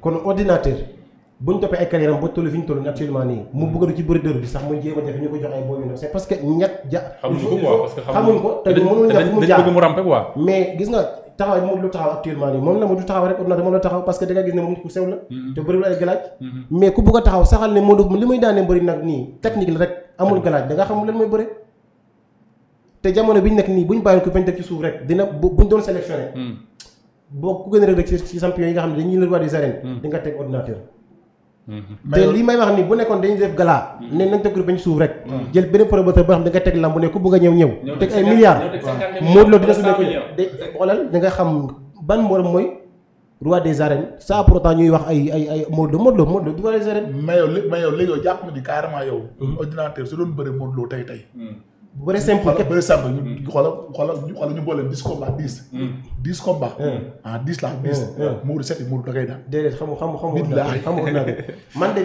kon ordinateur bu ñu toppee ay carrière ba toll fi ñu toll nii actuellement nii mu bëgg ci bëri dër bi sax muy jéem a def ñu ko jox gis nga taxaw moom la taxaw rek ordinateur moom la taxaw parce que da nga gis ne moom ku sew la. Mm-hmm. te bëriwul ay galaaj. Mm-hmm. mais ku nii technique la rek amul galaaj da xam lan mooy bëre. te jamono biñ nekk nii buñ bàyyi ko bañ def rek dina buñ doon sélectionné mm. boo ku gën a rek rek ci champion yi nga xam ne dañuy le roi des arènes. Hmm. di nga teg ordinateur. Hmm. Hmm. te li may wax ni bu nekkoon dañuy def gala. ne nañ teg bañ suuf rek. jël benn promoteur boo xam ne nga teg lamb ne ku bëgg a ñëw ñëw. teg ay milliards. Modou Lo dina su nekk de xoolal da nga xam ban morom mooy. roi des arènes ça pourtant ñuy wax ay ay ay Modou Lo Modou Lo Modou Lo roi des arènes. jàpp na ni carrément yow. ordinateur su doon bëri Modou Lo tey tey. bu bare simple képp bëree simple ñu xoolal xoolal ñu xoolal ñu boole dix combats dix. Hmm. dix combats. Hmm. ah dix la dix. Hmm, muur de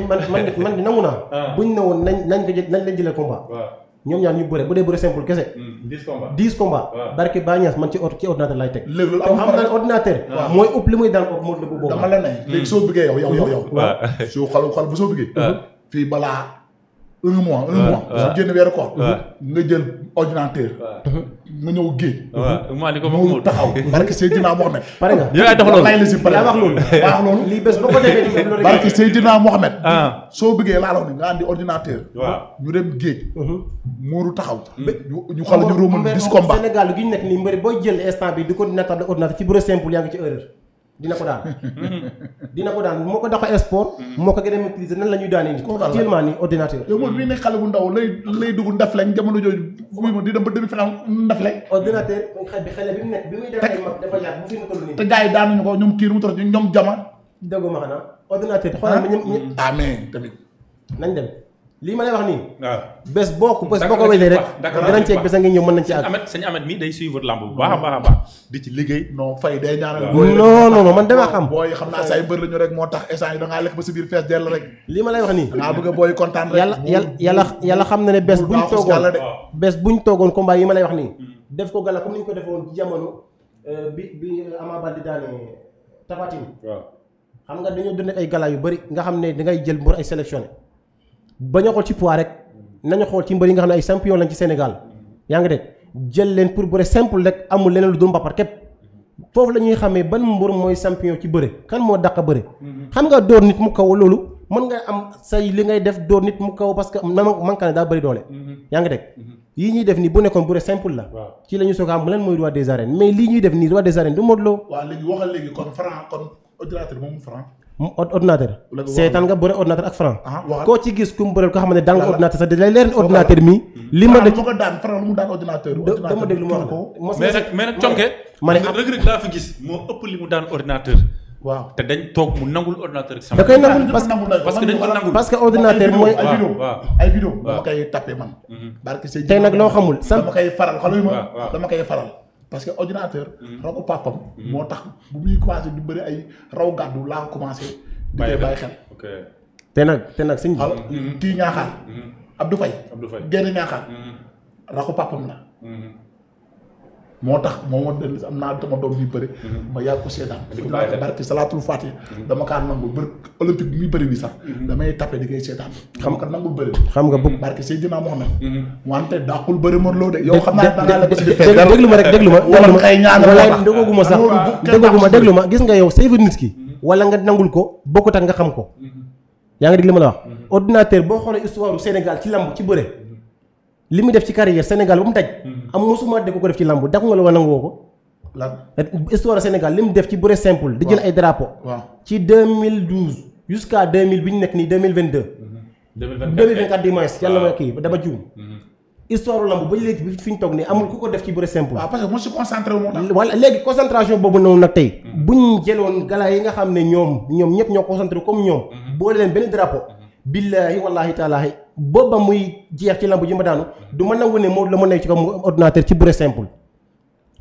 man man man de nangu naa. Ah. buñ ne woon nañ nañ ko jël nañ leen jëlee combat. ñoom ñaar ñu bëre bu dee bëre simple kese. dix combats dix combats. barke Ba Niass man ci or ci ordinateur laay teg. léegi xam naa ordinateur. mooy ëpp li muy daan ko moom la bu boobaa. dama la ne léegi soo bëggee yow yow yow yow. waaw soo xool xool bu soo bëggee. Ah. fii balaa un mois un mois. waaw su génn weeru koor. nga jël ordinateur. nga ñëw géej. waaw maa ni ko moom taxaw. barke Seydina Mohamed. pare nga yow yaa tax loolu lay la si pare. lii bés boo ko defee ah. soo bëggee laa wax ni nga andi ordinateur. waaw ñu dem géej. muuru mhm. taxaw. ñu xala ñu romal dis Sénégal gi ñu nekk nii mbëri boo jël instant bi di ko natable ordinateur ci bureau simple yaa ngi ci erreur. dina ko daan dina ko daan moo ko dafa export mm-hmm. moo ko gën a maîtriser nan la ñuy daanee nit actuellement ni ordinateur yow moom bi ne xale bu ndaw lay lay dugg ndaf lañ jamono jooju muy ma di dem ba demi final ndaf bi xale bi mu nekk bi muy def ay mag dafa yàgg bu fi mu toll nii te gars yi daanuñu ko ñoom kiir mu toll ñoom jama déggoo ma xanaa ordinateur xoolal ma ñoom ah mais tamit nañ dem lii ma lay wax nii. waaw bés boo ko bés boo ko wélee rek. dinañ ci egg bés a ngi ñëw mën nañ ci ak Amet sëñ Amet mi day a baax a mm. baax. di ci liggéey. non fay day daanaka. non non man damaa xam. booy xam naa say bër lañu rek moo tax instant yi da lekk ba si biir fees dell rek. lii ma lay wax nii. danaa bëgg a booy kontaan rek. yàlla yàlla yàlla xam na ne bés buñ toogoon bés buñ toogoon combat yi ma lay wax nii. Mm. def ko gala comme ni ñu ko defoon ci euh, bi bi Ama Baldé daane Tapha Tine. waaw xam nga dañoo dund ay gala yu bëri nga xam ne dangay jël mbër ay sélectionné ba a xool ci pois rek nañu xool ci mbër yi nga xam ne ay champion lañ ci Sénégal yaa ngi dégg jël leen pour bëre simple rek amul leneen lu dul mbapat képp foofu la ñuy xamee ban mbër mooy champion ci bëre kan moo dàq bëre. Mhm. xam nga dóor nit mu kaw loolu mën nga am say li ngay def dóor nit mu kaw parce na man ka ne daa bëri doole. Mhm. yaa ngi dégg mhm. yii ñuy def nii bu nekkoon bëre simple la. ci la ñu soog a am lan mooy roi des arènes mais lii ñuy def nii roi ordinateur seetaan nga bëre ordinateur ak franc ah, koo ci gis ku mu ko xam ne daan nga ordinateur sax dalay leer ordinateur mi mm. li ma ko daan franc lu mu daan ordinateur dama déglu ma wax mais nag ma ne Reug Reug laa fi gis moo ëpp li mu daan ordinateur waaw te dañ toog mu nangul ordinateur da koy nangul parce que dañ ko nangul que ordinateur mooy ay vidéo ay vidéo dama koy tapé mhm. tey nag loo xamul sant dama koy faral xaluy ma dama koy faral parce que ordinateur. raw mm-hmm. papam mm-hmm. moo tax bu muy commencé di bëri ay raw gàddu laa commencé. di koy bàyyi xel. te nag te nag sëñ bi. Mm-hmm. ñaaxaar. Abdou Faye. Abdou Faye ñaaxaar. raw papam la. moo tax moo ma dellu am naa dama doom bi bëri mhm. ma yàgg ko seetaan aa barki salaatul fatiha mhm. dama kaa nangu bër olympique bi muy bëri bi sax mhm. damay tapé di koy seetaan xam nga nangu bëri xam nga bëgg barki Seydina Mohamed wante dàqul bëri Modou Lo de yow xam naa danaa la ma rek déglu ma wala kay ñaan wala déglu ma sax déglu ma déglu ma gis nga yow sayfa nit ki wala nga nangul ko bokkut ak nga xam ko yaa ngi dégg li ma la wax ordinateur boo xoolee histoire Sénégal ci lamb ci bëre li muy def ci carrière Sénégal ba mu daj. Hmm. am mosuma de ko ko def ci làmb dàqu nga la wala nangoo ko. lan histoire Sénégal li mu def ci bëre simple. di jël ay drapeaux. waaw ci 2012. jusqu'à 2000 bi ñu nekk nii 2022. 2024 2024 dimanche yàlla ma kii dama juum. Hmm. histoire lamb ba léegi bi fi ñu toog nii amul ku ko def ci bëre simple. waaw parce que mu si concentré wu moo tax. wala léegi concentration boobu noonu nag tey. Hmm. bu ñu jëloon gala yi nga xam ne ñoom ñoom ñëpp ñoo concentré comme ñoom. boole leen benn billaahi wallaahi taalaahi booba muy jeex ci lamb ji ma daanu du ma nangu ne moom la ma nekk ci kaw ordinateur ci bëre simple.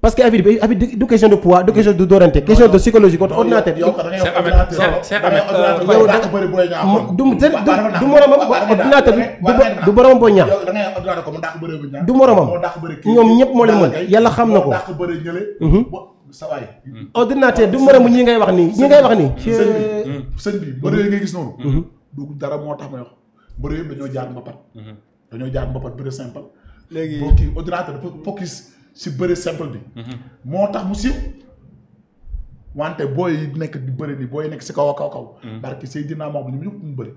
parce que affaire bi affaire du question de poids du question de dóorante question de psychologie contre ordinateur. yow du moromam ordinateur du boromam boo ñaax. du moromam ñoom ñëpp moo leen mën yàlla xam na ko. Mhm. ordinateur du moromu ñi ngay wax nii ñi ngay wax nii. du dara moo tax may wax mbër yëpp dañoo jaar mbapat. Mhm. dañoo jaar mbapat bëri simple. léegi boo kii ordinateur dafa focus si bëri simple bi. Mhm. moo tax mu siiw. wante booy nekk di bëri nii booy nekk si kaw a kaw kaw. parce mhm. que Seydina moom ñoom ñëpp mu bëri.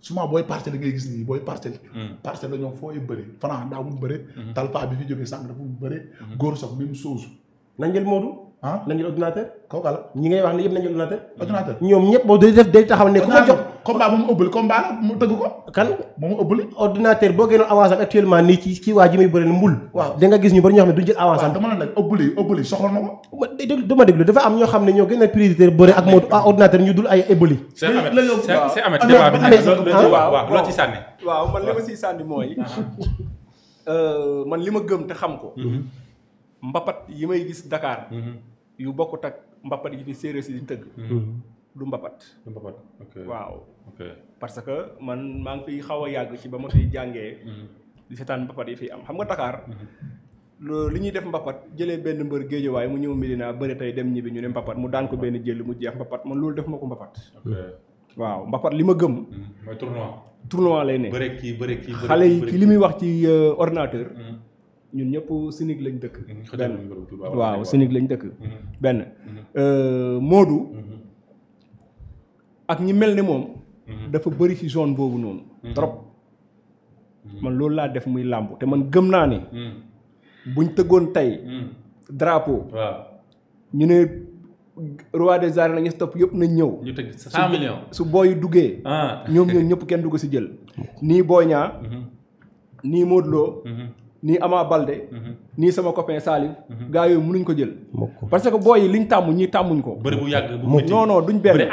souvent booy parcelle ngay gis nii booy parcelle. parcelle la ñoom foo yu bëri Franc daa mun bëri. Talfa bi fi jógee sànq dafa mun bëri. Góor sax même chose. na ngeen ah nañu ordinateur. kooku àll ñi ngay wax ne yëpp nañu ordinateur. ordinateur ñoom ñëpp boo day def day taxaw ne ku ma jox. combat ko. kan bu mu ëbbali. ordinateur boo génnoon avance am nii ci ci waa bëri mbul. waaw da nga gis ñu bari ñoo xam dafa am ñoo xam ne ñoo gën a priorité bëri ak moo ah, ordinateur ñu dul ay ëbbali. c'est Ameth débat bi waaw ah? waaw loo ci sànni. waaw man li ma siy sànni mooy ah. euh, man li ma gëm te xam ko mm-hmm. mbapat yi may gis dakaar mhm. yu bokkut ak mbapat yi fi séeréer si di tëgg. Mhm. du mbapat. du waaw. parce que man maa ngi fiy xaw a yàgg ci ba ma fiy jàngee. Mhm. di seetaan mbapat yi fiy am xam nga Dakar. loolu li ñuy def mbapat jëlee benn mbër géejewaay mu ñëw Medina bëri tey dem ñibbi ñu ne mbapat mu daan ko benn jël mu jeex mbapat man loolu def ma ko mbapat. Hmm. waaw mbapat li ma gëm. mooy tournoi. tournoi lay ne. xale yi ki li muy wax ci euh, ordinateur. Hmm. ñun ñëpp sinig lañ dëkk. Mhm. benn waaw sinig lañ dëkk. Mhm. benn mhm. Euh, Modou. ak ñi mel ni moom. dafa bëri ci zone boobu noonu. trop man loolu laa def muy làmb te man gëm naa ne. buñ tëggoon tey. drapeau. ñu ne roi des arènes la ñu topp yëpp nañ ñëw. ñu tëgg 100 millions su booy duggee. Ah. ñoom ñoom ñëpp kenn du si ci jël. nii Boy nii Modou nii Ama Balde. Mhm. nii sama copain Salif. Mhm. gars yooyu mënuñ ko jël. parce que booy yi liñ tàmm ñii tàmmuñ ko. bëri bu yàgg bu non non duñ benn.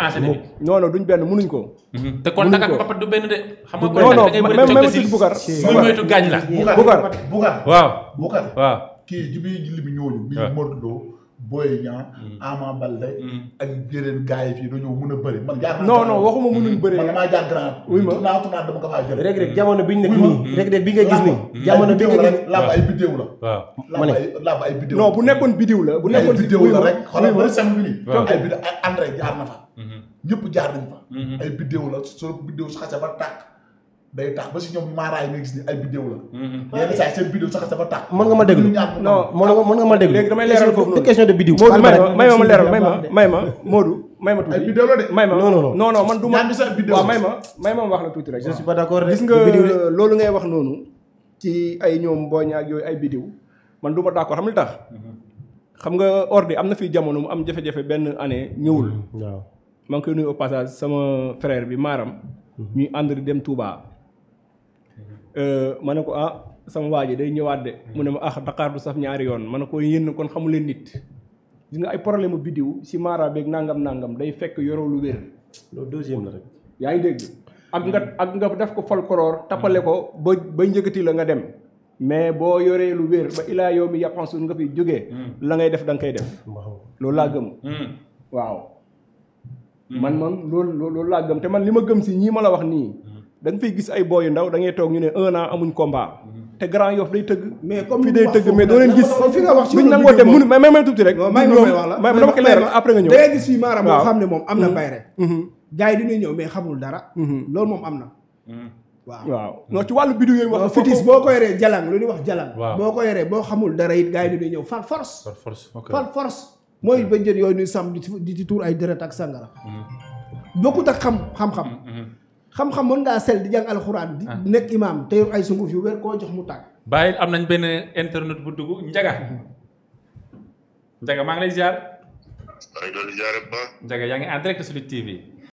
non non duñ benn mënuñ ko. Mhm. te kon nag ak papa du benn de. xam nga kon nag da ngay bëri coono si muy moytu gaañ la. Boucar Boucar waaw Boucar. waaw kii bi julli bi ñooñu. waaw Boy Niang. Mm. Ama Baldé. Mm. ak yeneen gars yi fii dañoo mën a bëri man. jaar non non waxuma mënuñ mm. bëri. man damaa jaar grand. oui ma tournant tournant dama jël. rek rek jamono biñ nekk nii. rek rek bi nga gis nii. jamono bi nga gis làmb ay bidéew la. waaw ma ne làmb ay bidéew la. non bu nekkoon bidéew la bu nekkoon bidéew la rek. xoolal bëri sàmm bi nii. waaw ay bidéew André jaar na fa. Mm-hmm. ñëpp jaar nañ fa. Mm-hmm. ay bidéew la soo bidéew su xasee ba tàkk. day tax ba si nga gis ni ay vidéo la. Mhm. yenn saa yi seen vidéo sax dafa tax. nga ma déglu non mën nga ma déglu. léegi damay leeral foofu noonu question de vidéo. Modou may ma may ma leeral may ma may ma Modou. may ma may ma man du ma. waaw may ma may ma wax la tuuti rek. je suis pas d'accord gis nga loolu ngay wax noonu. ci ay ñoom booña ak yooyu ay vidéo man du ma d'accord xam li tax. Mhm. xam nga ordi am na fi jamono mu am jafe-jafe benn année ñëwul. waaw maa ngi koy nuyu au sama frère bi maaram mhm. ñuy ànd di dem Touba Euh, ma ne ko ah sama waa ji day ñëwaat de mu ne ma ah Dakar du saf ñaari yoon man ne ko yéen kon xamu leen nit gis nga ay problème mu biddiw si maara beeg nangam nangam day fekk yoroo lu wér. loolu deuxième la yaa ngi dégg ak nga ak nga def ko folklore tappale ko ba ba njëkkati la nga dem. mais boo yoree lu wér ba ilaa yow mi yàppan nga fi jógee. Hmm. la ngay def danga nga koy def. loolu laa gëm. Hmm. Hmm. waaw. man man loolu loolu laa gëm te man li ma gëm si ñii ma la wax nii. da nga fiy gis ay booy yu da ngay toog ñu ne un an amuñ combat. Mm-hmm. te Grand Yoff mais comme fi day tëgg mais doo leen gis. fi nga wax ci loolu nangoo dem mënu mais même tuuti ma moo xam ne moom am na mm-hmm. bay rek. Mm-hmm. gars yi dinañ ñëw mais xamul dara. loolu moom am na. waaw waaw non ci wàllu biddu yooyu wax fitis boo ko yoree jalang lu ñuy wax jalang boo ko yoree boo xamul dara it gars yi dinañ ñëw far force. far force mooy ba jën yooyu ñuy sàmm di ci tuur ay deret ak sangara bokkut ak xam xam-xam xam-xam mën ngaa sell di jàng alxuraan. di ah. nekk imaam te yor ay sunguf yu wér koo jox mu tàgg. bàyyil am nañ benn internet bu dugg Njaga. Njaga maa ngi lay ziar. Njaga yaa ngi en direct sur Lutte